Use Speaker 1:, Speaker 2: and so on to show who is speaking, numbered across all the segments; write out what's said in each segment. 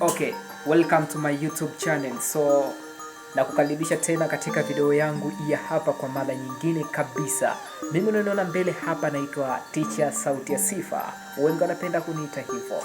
Speaker 1: Okay, welcome to my YouTube channel. So nakukaribisha tena katika video yangu ya hapa kwa mara nyingine kabisa. Mimi unaniona mbele hapa naitwa Teacher Sauti ya Sifa, wengi wanapenda kuniita hivyo.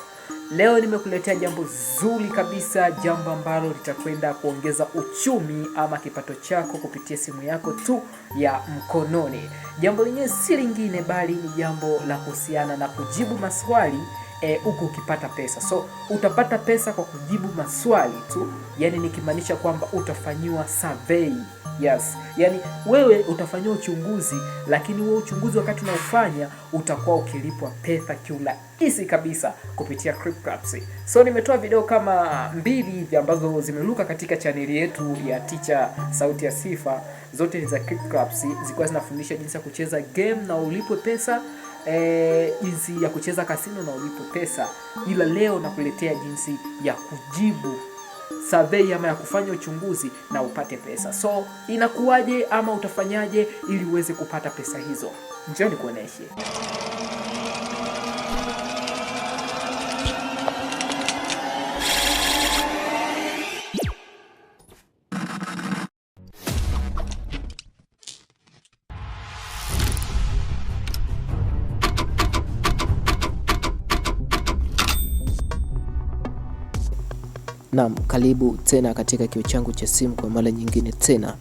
Speaker 1: Leo nimekuletea jambo zuri kabisa, jambo ambalo litakwenda kuongeza uchumi ama kipato chako kupitia simu yako tu ya mkononi. Jambo lenyewe si lingine bali ni jambo la kuhusiana na kujibu maswali Eh, huko e, ukipata pesa. So utapata pesa kwa kujibu maswali tu, yani nikimaanisha kwamba utafanyiwa survey. Yes, yani wewe utafanyiwa uchunguzi, lakini wewe uchunguzi wakati unaofanya utakuwa ukilipwa pesa kiurahisi kabisa kupitia cryptocurrency. So nimetoa video kama mbili hivi ambazo zimeruka katika chaneli yetu ya Teacher Sauti ya Sifa, zote ni za cryptocurrency, zikuwa zinafundisha jinsi ya kucheza game na ulipwe pesa e, jinsi ya kucheza kasino na ulipo pesa, ila leo nakuletea jinsi ya kujibu survey ama ya kufanya uchunguzi na upate pesa. So inakuwaje ama utafanyaje ili uweze kupata pesa hizo? Njoo nikuoneshe. Naam, karibu tena katika kio changu cha simu kwa mara nyingine tena.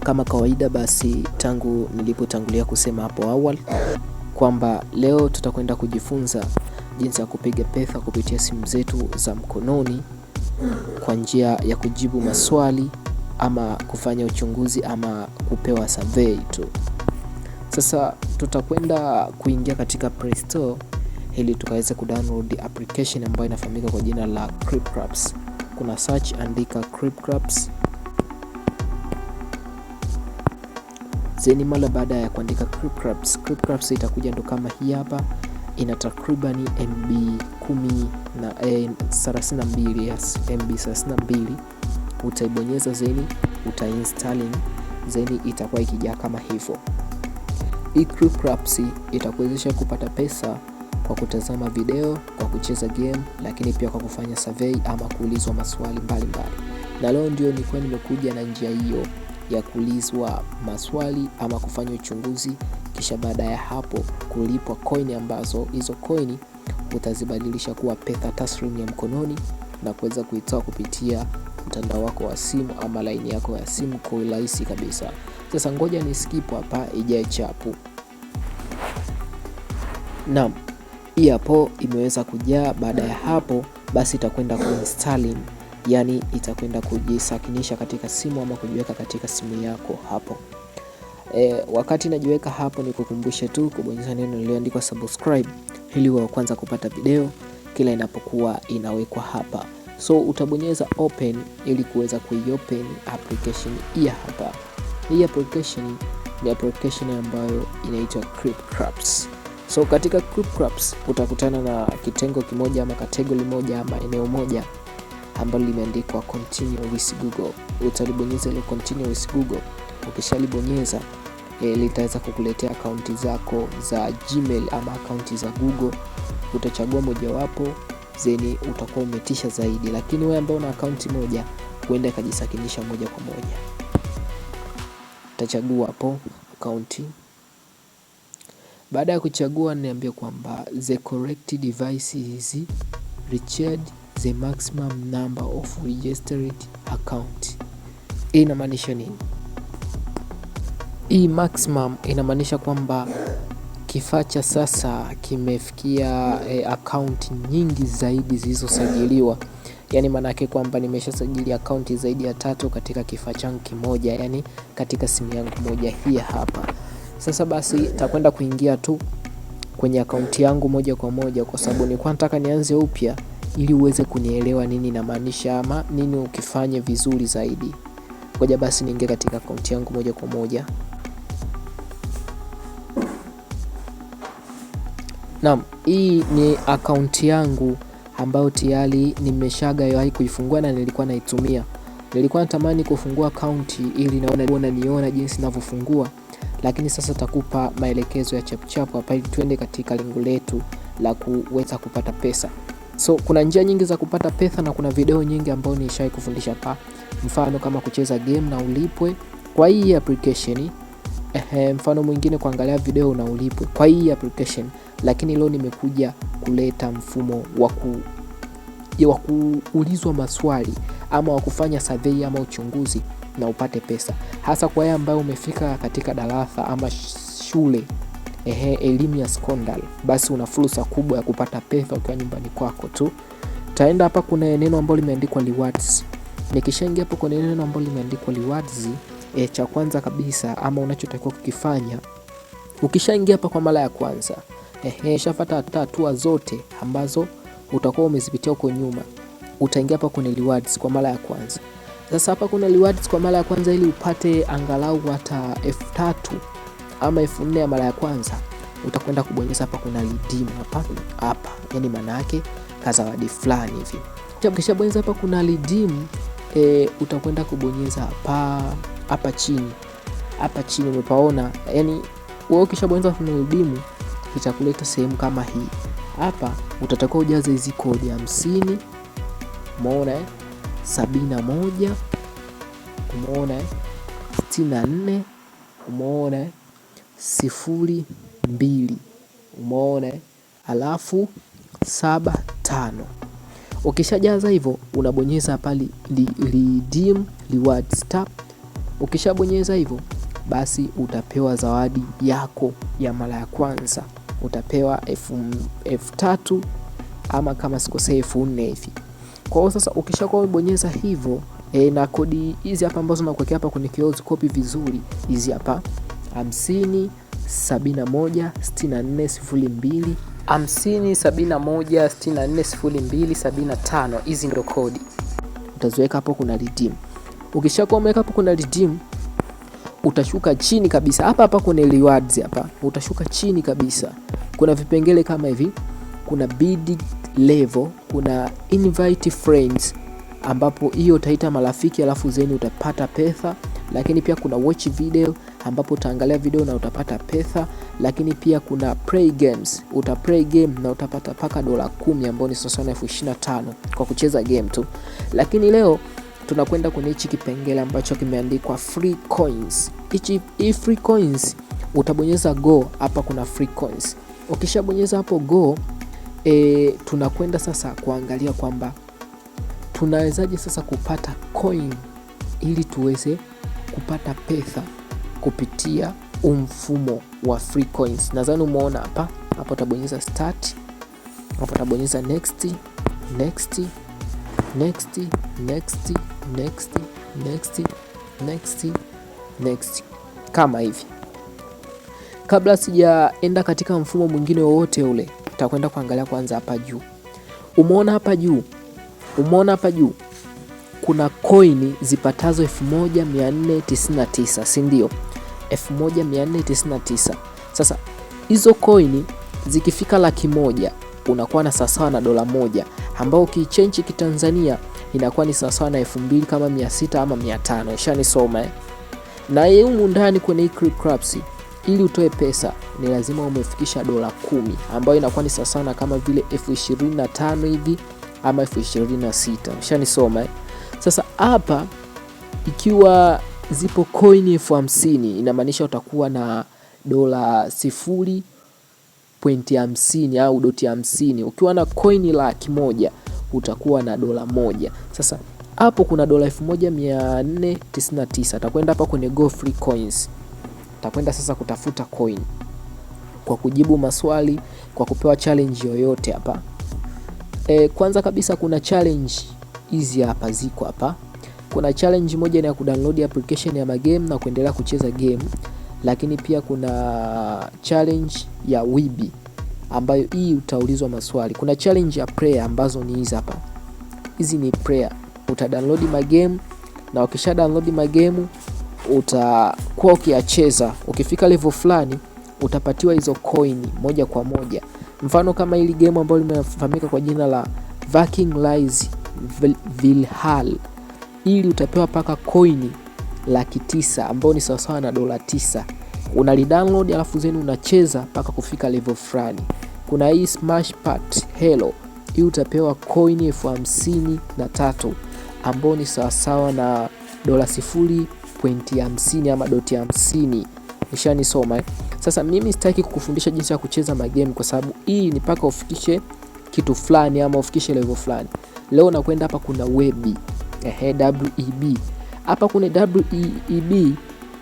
Speaker 1: Kama kawaida, basi tangu nilipotangulia kusema hapo awali kwamba leo tutakwenda kujifunza jinsi ya kupiga pesa kupitia simu zetu za mkononi kwa njia ya kujibu maswali ama kufanya uchunguzi ama kupewa survey tu. Sasa tutakwenda kuingia katika Play Store ili tukaweze kudownload application ambayo inafahamika kwa jina la Cryptraps kuna search, andika creep grabs. Zeni mara baada ya kuandika creep grabs, creep grabs itakuja ndo kama hii hapa, ina takribani MB 10 na 32, eh, yes, MB 32 utaibonyeza, zeni utainstalling, zeni itakuwa ikijaa kama hivyo. Hii creep grabs itakuwezesha kupata pesa kwa kutazama video, kwa kucheza game, lakini pia kwa kufanya survey ama kuulizwa maswali mbalimbali mbali. Na leo ndio nilikuwa nimekuja na njia hiyo ya kuulizwa maswali ama kufanya uchunguzi, kisha baada ya hapo kulipwa koini, ambazo hizo koini utazibadilisha kuwa pesa taslim ya mkononi na kuweza kuitoa kupitia mtandao wako wa simu ama laini yako ya simu kwa urahisi kabisa. Sasa ngoja ni skip hapa ijae chapu. Naam hapo imeweza kujaa. Baada ya hapo basi itakwenda kuinstalling, yani itakwenda kujisakinisha katika simu ama kujiweka katika simu yako hapo. E, wakati najiweka hapo ni kukumbushe tu kubonyeza neno lililoandikwa subscribe ili wa kwanza kupata video kila inapokuwa inawekwa hapa. So utabonyeza open ili kuweza kuiopen application hii hapa. Hii application ni application ambayo inaitwa Clip So katika group crops utakutana na kitengo kimoja ama kategori moja ama eneo moja ambalo limeandikwa continue with Google. Utalibonyeza ile continue with Google. Ukishalibonyeza e, litaweza kukuletea akaunti zako za Gmail ama akaunti za Google. Utachagua mojawapo zeni utakuwa umetisha zaidi, lakini wewe ambao una akaunti moja huenda ikajisakinisha moja kwa moja, utachagua hapo akaunti baada ya kuchagua niambia kwamba the correct device is Richard the maximum number of registered account. Hii inamaanisha nini? Hii maximum inamaanisha kwamba kifaa cha sasa kimefikia e, eh, akaunti nyingi zaidi zilizosajiliwa. Yani maana yake kwamba nimeshasajili akaunti zaidi ya tatu katika kifaa changu kimoja, yani katika simu yangu moja hii hapa. Sasa basi takwenda kuingia tu kwenye akaunti yangu moja kwa moja, kwa sababu nilikuwa nataka nianze upya ili uweze kunielewa nini namaanisha ama nini ukifanye vizuri zaidi. Ngoja basi niingie katika akaunti yangu moja kwa moja. Naam, hii ni akaunti yangu ambayo tayari nimeshagawahi kuifungua na nilikuwa naitumia. Nilikuwa natamani kufungua akaunti ili naona niona jinsi ninavyofungua lakini sasa takupa maelekezo ya chapuchapu hapa ili tuende katika lengo letu la kuweza kupata pesa. So kuna njia nyingi za kupata pesa na kuna video nyingi ambayo nishawai kufundisha hapa, mfano kama kucheza game na ulipwe kwa hii application. Ehe, mfano mwingine kuangalia video na ulipwe kwa hii application, lakini leo nimekuja kuleta mfumo wa ku wa kuulizwa maswali ama wa kufanya survey ama uchunguzi na upate pesa, hasa kwa yeye ambaye umefika katika darasa ama shule ehe, elimu ya sekondari, basi una fursa kubwa ya kupata pesa ukiwa nyumbani kwako tu. Taenda hapa, kuna neno ambalo limeandikwa rewards. Nikishaingia hapo kwenye neno ambalo limeandikwa rewards, e, cha kwanza kabisa ama unachotakiwa kukifanya ukishaingia hapa kwa mara ya kwanza ehe, shafata hatua zote ambazo utakuwa umezipitia huko nyuma, utaingia hapa kwenye rewards kwa mara ya kwanza. Sasa hapa kuna rewards kwa mara ya kwanza, ili upate angalau hata elfu tatu ama elfu nne ya mara ya kwanza, utakwenda kubonyeza hapa, kuna redeem hapa hapa, yani maana yake kazawadi fulani hivi. Kisha bonyeza hapa kuna redeem e, utakwenda kubonyeza hapa hapa chini hapa chini umepaona, yani wewe ukishabonyeza kuna redeem itakuleta sehemu kama hii hapa, utatakiwa ujaze hizi kodi hamsini. Umeona eh? sabina moja umeona, sitini na nne umeona, sifuri mbili umeona, alafu saba tano. Ukishajaza hivyo unabonyeza pali redeem rewards tab. Ukishabonyeza hivyo basi utapewa zawadi yako ya mara ya kwanza, utapewa elfu tatu ama kama sikosee elfu nne hivi. Kwa hiyo sasa ukishakuwa umebonyeza hivyo e, na kodi hizi hapa ambazo nakuwekea hapa kwenye kioo zikopi vizuri, hizi hapa 50 71 64 02 50 71 64 02 Hizi ndio kodi utaziweka hapo, kuna redeem. Ukishakuwa umeweka hapo kuna redeem, utashuka chini kabisa hapa hapa kuna rewards hapa, utashuka chini kabisa, kuna vipengele kama hivi, kuna bid level kuna invite friends, ambapo hiyo utaita marafiki alafu zeni utapata pesa, lakini pia kuna watch video ambapo utaangalia video na utapata pesa, lakini pia kuna play games, uta play game na utapata paka dola kumi ambao ni sawasawa elfu ishirini na tano kwa kucheza game tu. Lakini leo tunakwenda kwenye hichi kipengele ambacho kimeandikwa free coins. Hichi hii free coins utabonyeza go hapa, kuna free coins ukishabonyeza hapo go e, tunakwenda sasa kuangalia kwamba tunawezaje sasa kupata coin ili tuweze kupata pesa kupitia umfumo wa free coins. Nadhani umeona hapa hapo, utabonyeza start, hapo utabonyeza next, next, next, next, next, next, next, next kama hivi. Kabla sijaenda katika mfumo mwingine wowote ule tutakwenda kuangalia kwanza hapa juu. Umeona hapa juu, umeona hapa juu kuna koini zipatazo 1499 si ndio? 1499. Sasa hizo koini zikifika laki moja unakuwa na sawasawa na dola moja ambao ukiichenji kitanzania inakuwa ni sawasawa na elfu mbili kama mia sita ama mia tano. Ishanisoma eh? na yeye humu ndani kwenye hii ili utoe pesa ni lazima umefikisha dola kumi ambayo inakuwa ni sawasawa kama vile elfu ishirini na tano hivi ama elfu ishirini na sita Ushanisoma eh? Sasa hapa ikiwa zipo coin elfu hamsini inamaanisha utakuwa na dola sifuri pointi hamsini au doti hamsini. Ukiwa na coin laki moja utakuwa na dola moja. Sasa hapo kuna dola 1499 atakwenda hapa kwenye go free coins utakwenda sasa kutafuta coin kwa kujibu maswali, kwa kupewa challenge yoyote hapa. E, kwanza kabisa kuna challenge hizi hapa ziko hapa. Kuna challenge moja ni ya kudownload application ya magame na kuendelea kucheza game, lakini pia kuna challenge ya wibi ambayo hii utaulizwa maswali. Kuna challenge ya prayer ambazo ni hizi hapa, hizi ni prayer. Utadownload magame na wakisha download magame utakuwa ukiacheza ukifika level fulani utapatiwa hizo coin moja kwa moja. Mfano kama ili game ambayo limefahamika kwa jina la Viking Rise Vilhal, ili utapewa paka coin laki tisa ambayo ni sawasawa na dola tisa. Unalidownload alafu zenu unacheza mpaka kufika level fulani. Kuna hii Smash Part Hello, hii utapewa coin elfu hamsini na tatu ambayo ni sawasawa na dola sifuri pointi hamsini ama doti hamsini. Nishanisoma. Eh? Sasa mimi sitaki kukufundisha jinsi ya kucheza magame kwa sababu hii ni mpaka ufikishe kitu fulani ama ufikishe level fulani. Leo nakwenda hapa, kuna web ehe, web hapa kuna web,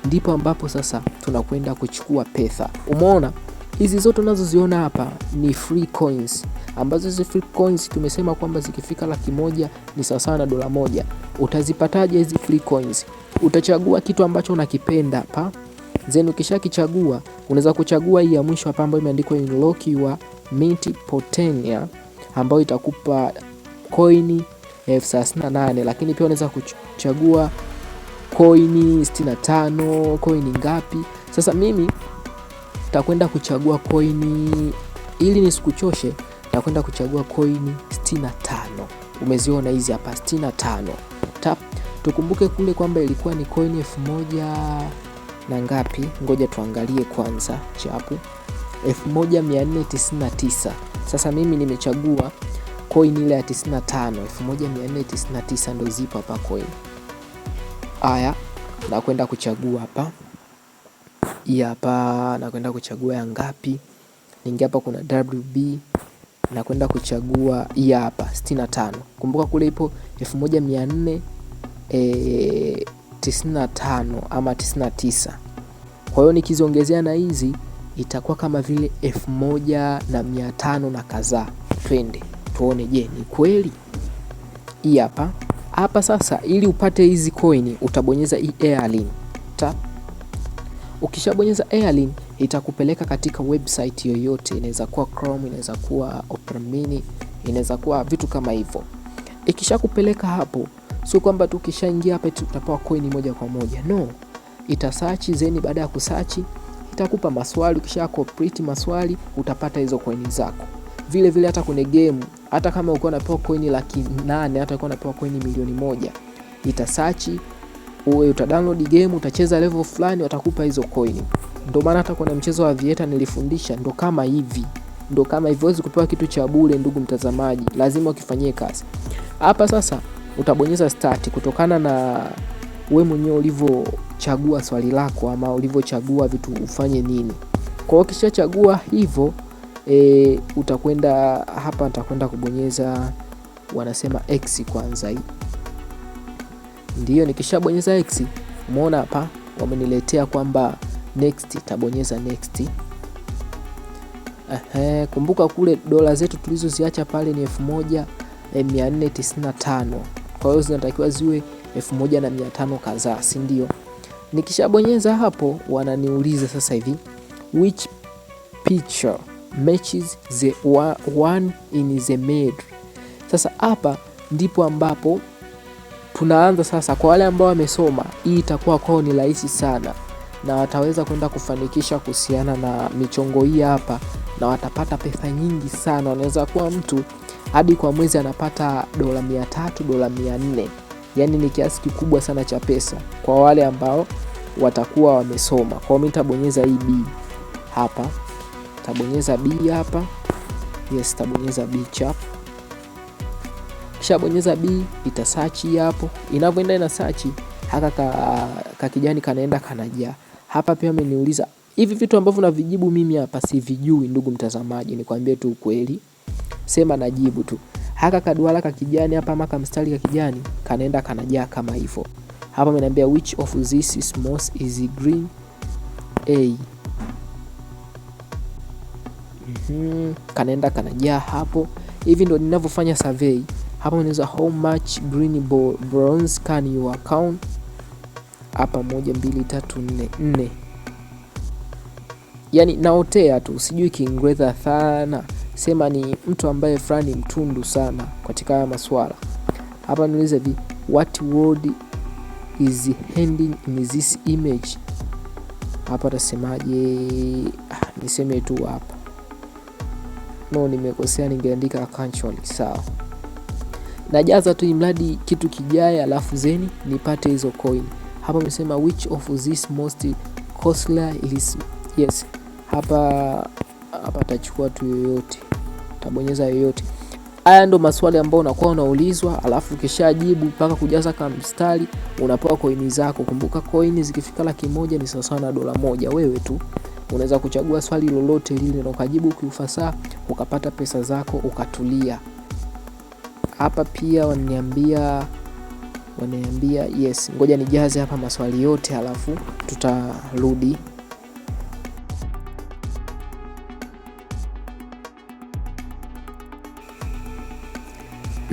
Speaker 1: ndipo ambapo sasa tunakwenda kuchukua pesa. Umeona hizi zote unazoziona hapa ni free coins, ambazo hizi free coins tumesema kwamba zikifika laki moja ni sawasawa na dola moja. Utazipataje hizi free coins? utachagua kitu ambacho unakipenda hapa, then ukishakichagua unaweza kuchagua hii ya mwisho hapa ambayo imeandikwa unlock your mint potenia ambayo itakupa koini 1068 lakini pia unaweza kuchagua koini 65 koini ngapi. Sasa mimi takwenda kuchagua koini ili nisikuchoshe, takwenda kuchagua koini 65. Umeziona hizi hapa 65 tap Tukumbuke kule kwamba ilikuwa ni coin elfu moja na ngapi? Ngoja tuangalie kwanza chapu 1499. Sasa mimi nimechagua coin ile ya 95, 1499 ndo zipo hapa coin. Haya, nakwenda kuchagua hapa. Hii hapa nakwenda kuchagua ya ngapi? Ningia hapa kuna WB nakwenda kuchagua hii hapa 65. Kumbuka kule ipo e, 95 ama 99. Kwa hiyo nikiziongezea na hizi itakuwa kama vile 1500 na na kadhaa. Twende tuone, je, ni kweli? Hii hapa hapa. Sasa ili upate hizi coin utabonyeza hii airline ta. Ukishabonyeza airline itakupeleka katika website yoyote, inaweza kuwa Chrome, inaweza kuwa Opera Mini, inaweza kuwa vitu kama hivyo. Ikishakupeleka hapo sio kwamba tu kishaingia hapa tutapewa coin moja kwa moja no, ita search zeni. Baada ya kusearch itakupa maswali, ukisha complete maswali utapata hizo coin zako. Vile vile hata kwenye game, hata kama uko unapewa coin laki nane, hata uko unapewa coin milioni moja, ita itasearch uwe download game, utacheza level fulani, watakupa hizo coin. Ndio maana hata kwenye mchezo wa Vieta nilifundisha ndo kama hivi ndo kama hivyo, huwezi kupewa kitu cha bure, ndugu mtazamaji, lazima ukifanyie kazi hapa sasa utabonyeza start kutokana na we mwenyewe ulivyochagua swali lako ama ulivyochagua vitu ufanye nini. Kwa hiyo ukishachagua hivyo e, utakwenda hapa, nitakwenda kubonyeza wanasema x kwanza hii. Ndiyo, nikishabonyeza x, umeona hapa wameniletea kwamba next, tabonyeza next. Ehe, kumbuka kule dola zetu tulizoziacha pale ni elfu moja eh, kwa hiyo zinatakiwa ziwe 1500 kadhaa, si ndio? Nikishabonyeza hapo, wananiuliza sasa hivi which picture matches the one in the middle. Sasa hapa ndipo ambapo tunaanza sasa. Kwa wale ambao wamesoma, hii itakuwa kwao ni rahisi sana, na wataweza kwenda kufanikisha kuhusiana na michongo hii hapa, na watapata pesa nyingi sana. Wanaweza kuwa mtu hadi kwa mwezi anapata dola mia tatu dola mia nne yaani ni kiasi kikubwa sana cha pesa kwa wale ambao watakuwa wamesoma. Kwa hiyo mimi nitabonyeza hii B hapa, tabonyeza B hapa, yes, tabonyeza B chap, kisha bonyeza B, itasearch hapo. Inavyoenda ina search haka ka, ka kijani kanaenda kanaja hapa. Pia ameniuliza hivi vitu ambavyo navijibu mimi hapa sivijui, ndugu mtazamaji, nikwambie tu ukweli sema najibu tu. Haka kaduara ka kijani hapa ama kamstari ka kijani kanaenda kanajaa kama hivyo. Hapa mnaambia which of this is most is green A. Mm-hmm. Kanaenda kanajaa hapo. Hivi ndo ninavyofanya survey. Hapa unaweza how much green bronze can you account? Hapa moja mbili tatu nne nne, yani naotea tu, sijui Kiingereza sana sema ni mtu ambaye fulani mtundu sana katika haya maswala. Hapa niulize hivi, what word is handing in this image? Hapa tasemaje? Ah, niseme tu hapa. No, nimekosea, ningeandika control. Sawa, najaza tu imradi kitu kijaye, alafu zeni nipate hizo coin. Hapa amesema which of this most costly is yes. Hapa hapa tachukua tu yoyote, tabonyeza yoyote. Haya ndo maswali ambayo unakuwa unaulizwa, alafu ukishajibu mpaka kujaza kama mstari unapewa koini zako. Kumbuka koini zikifika laki moja ni sawasawa na dola moja. Wewe tu unaweza kuchagua swali lolote lile na ukajibu kiufasaha, ukapata pesa zako, ukatulia. Hapa pia wananiambia wananiambia yes, ngoja nijaze hapa maswali yote, alafu tutarudi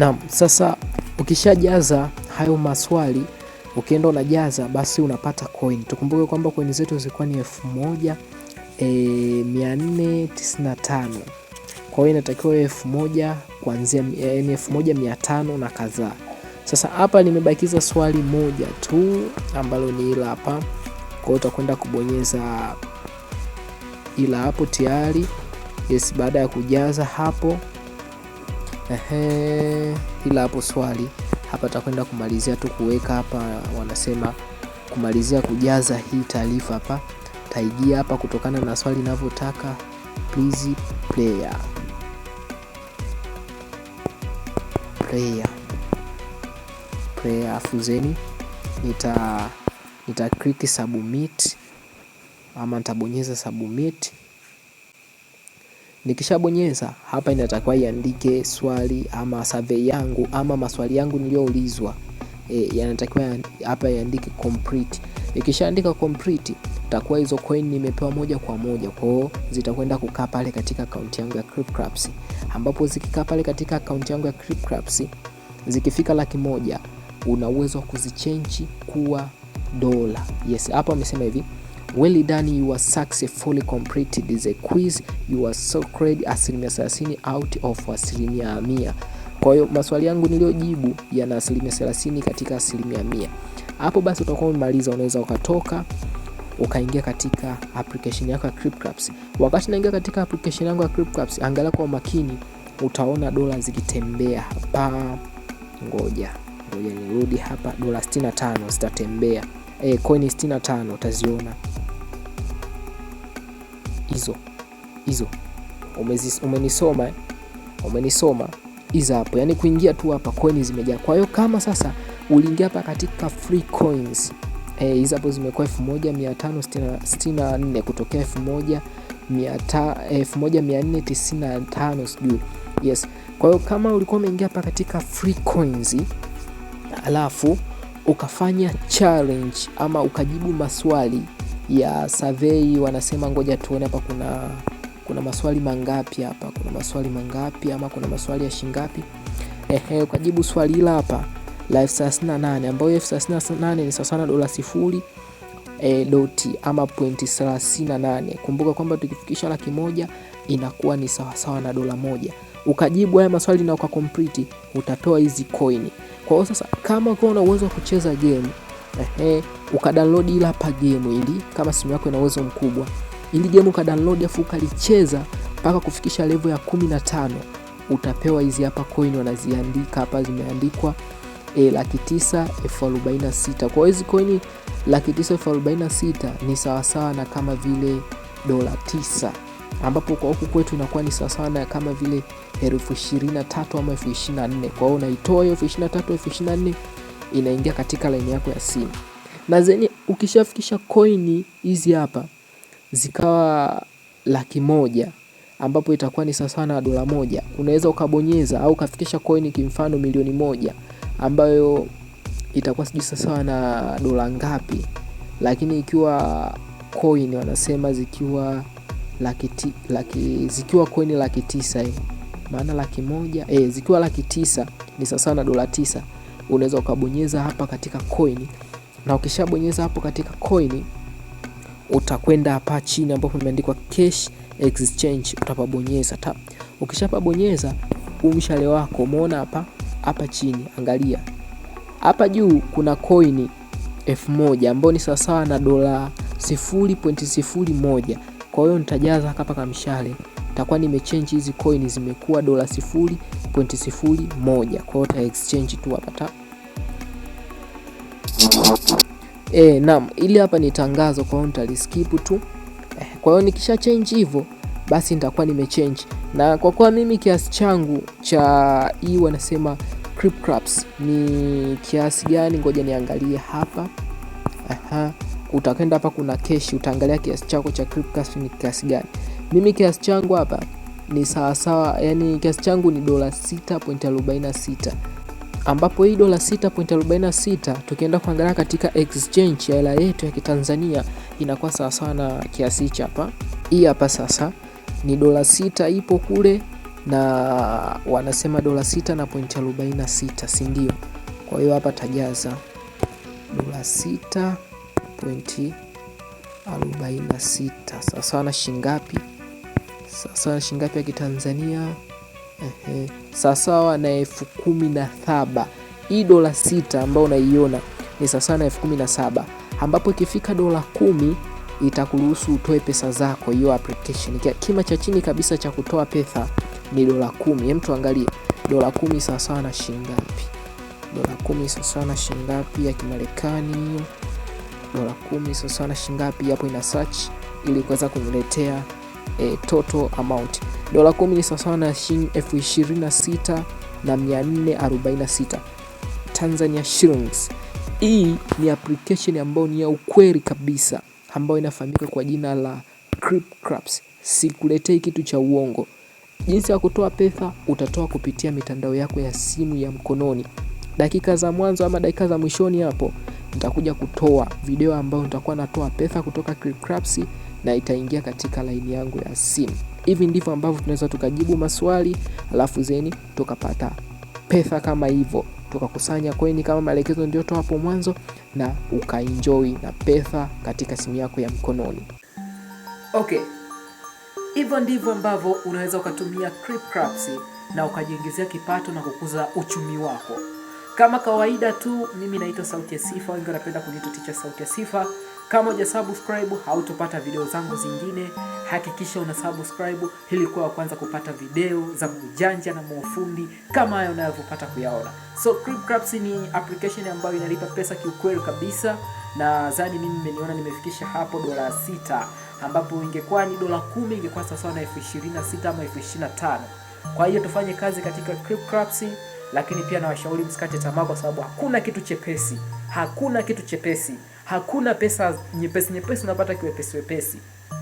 Speaker 1: Naam, sasa ukishajaza hayo maswali ukienda unajaza basi unapata coin. Tukumbuke kwamba coin zetu zilikuwa ni 1495. e, Kwa hiyo inatakiwa 1000 kuanzia yani e, 1500 na kadhaa. Sasa hapa nimebakiza swali moja tu ambalo ni ila hapa. Kwa hiyo utakwenda kubonyeza ila hapo tayari. Yes, baada ya kujaza hapo Ehe, ila hapo swali hapa takwenda kumalizia tu kuweka hapa, wanasema kumalizia kujaza hii taarifa hapa, taigia hapa kutokana na swali inavyotaka Please player player player, afuzeni nita nita click submit ama nitabonyeza submit. Nikishabonyeza hapa, inatakiwa iandike swali ama survey yangu ama maswali yangu niliyoulizwa. E, yanatakiwa hapa iandike complete. Ikishaandika complete, takuwa hizo coin nimepewa moja kwa moja, kwa hiyo zitakwenda kukaa pale katika akaunti yangu ya CryptCraps, ambapo zikikaa pale katika akaunti yangu ya CryptCraps zikifika laki moja una uwezo wa kuzichenji kuwa dola. Yes, hapa amesema hivi Well done you are successfully completed the quiz you are so great, asilimia 30 out of asilimia mia. Kwa hiyo maswali yangu niliyojibu yana asilimia 30 katika asilimia mia. Hapo basi utakuwa umemaliza, unaweza ukatoka ukaingia katika application yako ya ClipClaps. Wakati naingia katika application yangu ya ClipClaps, angalia kwa makini, utaona dola zikitembea hapa. Ngoja ngoja nirudi hapa, dola 65 zitatembea, eh, coin 65 utaziona hizo hizo umenisoma eh? umenisoma hizo hapo, yani kuingia tu hapa coin zimejaa. Kwa hiyo kama sasa uliingia hapa katika free coins eh, hizo hapo zimekuwa 1564 kutokea 1495 sijui yes. Kwa hiyo kama ulikuwa umeingia hapa katika free coins alafu ukafanya challenge ama ukajibu maswali ya survey wanasema ngoja tuone hapa kuna kuna maswali mangapi hapa, kuna maswali mangapi ama kuna maswali ya shingapi? Ehe, jibu swali hili hapa la elfu ambayo elfu na ni sawa na dola 0 eh doti ama pointi Kumbuka kwamba tukifikisha laki moja inakuwa ni sawasawa na dola moja. Ukajibu haya maswali na ukakomplete utatoa hizi coin Kwa hiyo sasa, kama ukiwa una uwezo wa kucheza game ehe, ukadownload ila hapa game ili kama simu yako ina uwezo mkubwa, ili game ukadownload afu ukalicheza mpaka kufikisha level ya kumi na tano utapewa hizi hapa coin, wanaziandika hapa, zimeandikwa e, laki tisa elfu arobaini na sita. Kwa hizi coin laki tisa elfu arobaini na sita ni sawasawa na kama vile dola tisa ambapo kwa huku kwetu inakuwa ni sawasawa na kama vile elfu ishirini na tatu ama elfu ishirini na nne. Kwa hiyo unaitoa hiyo elfu ishirini na tatu elfu ishirini na nne inaingia katika laini yako ya simu. Na zeni ukishafikisha koini hizi hapa zikawa laki moja ambapo itakuwa ni sawa na dola moja, unaweza ukabonyeza au ukafikisha koini kimfano milioni moja ambayo itakuwa sijui sawa na dola ngapi, lakini ikiwa coin wanasema zikiwa laki ti, laki, zikiwa coin laki tisa eh, maana laki moja eh, zikiwa laki tisa ni sawa na dola tisa unaweza ukabonyeza hapa katika coin, na ukishabonyeza hapo katika coin utakwenda hapa chini ambapo imeandikwa cash exchange, utapabonyeza tap. Ukishapabonyeza huu mshale wako umeona hapa hapa chini, angalia hapa juu kuna coin elfu moja ambayo ni sawasawa na dola 0.01. Kwa hiyo nitajaza hapa kamshale, nitakuwa nimechange hizi coin zimekuwa dola sifuri 0.01. Kwa hiyo ta exchange tu hapa ta e, naam, ili hapa ni tangazo, kwa hiyo nitaliskip tu e. Kwa hiyo nikisha change hivyo basi nitakuwa nimechange, na kwa kuwa mimi kiasi changu cha hii wanasema creep crops ni kiasi gani, ngoja niangalie hapa. Aha, utakenda hapa kuna cash, utaangalia kiasi chako cha creep crops ni kiasi gani. Mimi kiasi changu hapa ni sawasawa, yani kiasi changu ni dola 6.46 ambapo hii dola 6.46 tukienda kuangalia katika exchange ya hela yetu ya Kitanzania inakuwa sawasawa na kiasi hichi hapa. Hii hapa sasa ni dola 6 ipo kule na wanasema dola 6 na point 46, si ndio? Kwa hiyo hapa tajaza dola 6 point 46 sawasawa na shilingi ngapi? Sawasawa shilingi ngapi ya Kitanzania? Ehe, sawasawa na elfu kumi na saba. Hii dola sita ambayo unaiona ni sawasawa na elfu kumi na saba ambapo ikifika dola kumi itakuruhusu utoe pesa zako. Hiyo application kima cha chini kabisa cha kutoa pesa ni dola kumi. Hem, angalie dola kumi sawasawa na shilingi ngapi? Dola kumi sawasawa na shilingi ngapi ya Kimarekani? Dola kumi sawasawa na shilingi ngapi? Hapo ina search ili kuweza kuniletea e, total amount. Dola kumi ni sawasawa na shilingi elfu ishirini na sita na mia nne arobaini na sita Tanzania shillings. Hii ni application ambayo ni ya ukweli kabisa ambayo inafahamika kwa jina la ClipClaps. Sikuletei kitu cha uongo. Jinsi ya kutoa pesa, utatoa kupitia mitandao yako ya simu ya mkononi. Dakika za mwanzo ama dakika za mwishoni hapo nitakuja kutoa video ambayo nitakuwa natoa pesa kutoka ClipClaps na itaingia katika laini yangu ya simu. Hivi ndivyo ambavyo tunaweza tukajibu maswali alafu zeni tukapata pesa kama hivyo, tukakusanya koini kama maelekezo niliyotoa hapo mwanzo, na ukaenjoy na pesa katika simu yako ya mkononi. Okay, hivyo ndivyo ambavyo unaweza ukatumia CryptCraps na ukajiingizia kipato na kukuza uchumi wako. Kama kawaida tu, mimi naitwa Sauti ya Sifa, wengi wanapenda kuniita Ticha Sauti ya Sifa. Kama uja subscribe hautopata video zangu zingine. Hakikisha una subscribe ili kuwa kwanza kupata video za mjanja na muufundi kama haya unavyopata kuyaona. So Clipcraps ni application ambayo inalipa pesa kiukweli kabisa, na zani mimi mmeniona nimefikisha hapo dola sita, ambapo ingekuwa ni dola kumi ingekuwa sawasawa na elfu ishirini na sita ama elfu ishirini na tano. Kwa hiyo tufanye kazi katika Clipcraps, lakini pia nawashauri msikate tamaa, kwa sababu hakuna kitu chepesi, hakuna kitu chepesi. Hakuna pesa nyepesi nyepesi unapata kiwepesi wepesi,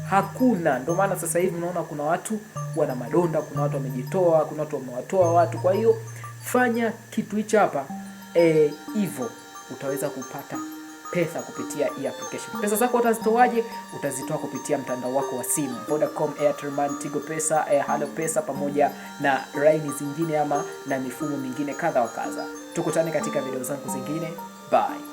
Speaker 1: hakuna. Ndio maana sasa hivi unaona kuna watu wana madonda, kuna watu wamejitoa, kuna watu wamewatoa watu. Kwa hiyo fanya kitu hicho hapa e, hivyo, e, utaweza kupata pesa kupitia hii application. Pesa zako utazitoaje? Utazitoa kupitia mtandao wako wa simu, Vodacom, Airtel Money, Tigo Pesa, eh, Halo Pesa pamoja na laini zingine ama na mifumo mingine kadha wa kadha. Tukutane katika video zangu zingine. Bye.